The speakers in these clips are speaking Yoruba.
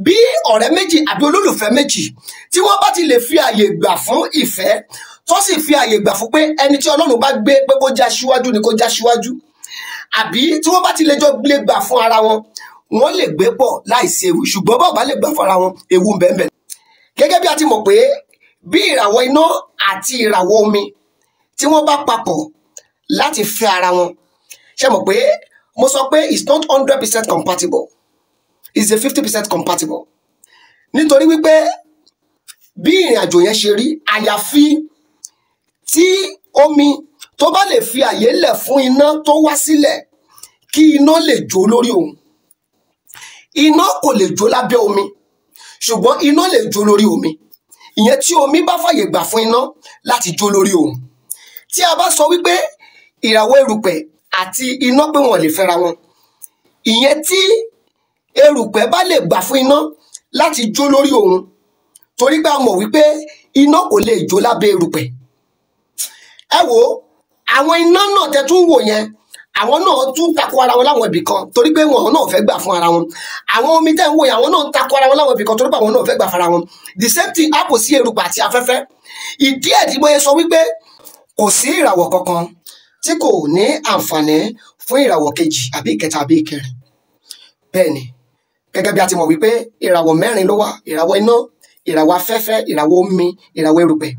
bí ọ̀rẹ́ méjì àbí olólùfẹ́ méjì tí wọ́n bá ti lè fi àyè gbà fún ìfẹ́ tó sì fi àyè gbà fún pé ẹni tí ọlọ́run bá gbé pé kó já síwájú ni kó já síwájú àbí tí wọ́n bá ti lè jọ gbé gbà fún ara wọn wọ́n lè gbé pọ̀ láìsí ewu ṣùgbọ́n bọ́ọ̀ bá lè gbà fún ara wọn ewu ń bẹ́ẹ̀ bẹ́ẹ̀. gẹ́gẹ́ bí a ti mọ̀ pé bí ìràwọ̀ iná àti ìràwọ̀ omi tí wọ́n bá papọ̀ láti fẹ́ ara wọn ṣe mọ̀ pé mo sọ pé it's not hundred percent compatible is a fifty percent compatible nítorí wípé bí ìrìn àjò yẹn ṣe rí àyàfi tí omi tó bá lè fi àyè lẹ̀ fún iná tó wá sílẹ̀ kí iná lè jó lórí òun iná kò lè jó lábẹ́ omi ṣùgbọ́n iná lè jó lórí omi ìyẹn tí omi bá fàyè gbà fún iná láti jó lórí òun tí a bá sọ wípé ìràwọ̀ erùpẹ̀ àti iná pé wọ́n lè fẹ́ra wọn ìyẹn tí olùpẹ̀ bá lè gbà fún iná láti jó lórí òun torí pé a mọ̀ wípé iná kò lè jó lábẹ́ erùpẹ̀ ẹ wo àwọn iná náà tẹ tún wò yẹn àwọn náà tún takò ara wọn láwọn ibì kan torí pé wọn náà fẹ́ gbà fún ara wọn àwọn omi tẹ ń wò yẹn àwọn náà ń ara wọn láwọn ibì kan torí pé àwọn náà fẹ́ gbà fara wọn the same thing happen sí erùpẹ̀ àti afẹ́fẹ́ ìdí ẹ̀ tí mo yẹ sọ wípé kò sí ìràwọ̀ kankan tí kò ní àǹfààní fún ìràwọ̀ kejì àbí ìkẹta àbí ìkẹrin bẹ́ẹ̀ ni gẹ́gẹ́ bí a ti mọ̀ wípé ìràwọ̀ mẹ́rin ló wà ìràwọ̀ iná ìràwọ̀ afẹ́fẹ́ ìràwọ̀ omi ìràwọ̀ erùpẹ̀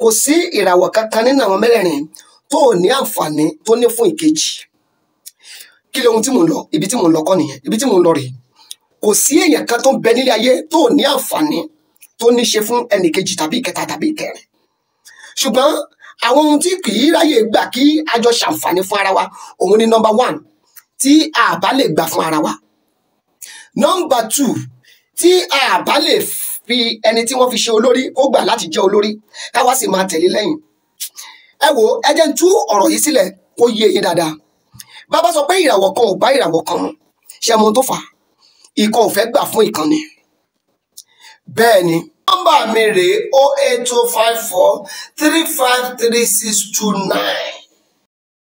kò sí ìràwọ̀ kankan nínú àwọn mẹ́rẹ̀ẹ̀rin tó ní àǹfààní tó ní fún ìkejì kí lohun tí mò ń lọ ibi tí mò ń lọ kọ́ nìyẹn ibi tí mò ń lọ rèé kò sí èèyàn kan tó ń bẹ nílé ayé tó ní àǹfààní tó ní ṣe fún ẹnìkejì tàbí ìkẹta tàbí ìkẹrin ṣùgbọ́n àwọn ohun tí kì í ráyè gbà kí a ṣàǹfààní fún ara wa òun ni nọ́mbà one tí a bá lè gbà fún ara wa nọ́mbà tù tí a bá lè fi ẹni tí wọ́n fi ṣe olórí ó gbà láti jẹ́ olórí káwa sì máa tẹ̀lé lẹ́yìn ẹ wo ẹ jẹ́ ń tú ọ̀rọ̀ yìí sílẹ̀ kó yé eyín dáadáa bàbá sọ pé ìràwọ̀ kan ò bá ìràwọ̀ kan ṣe mo tó fà á ìkan ò gbà fún ìkan bẹ́ẹ̀ ni nọ́mbà mi rèé o oh eight two oh five four three five three six two nine.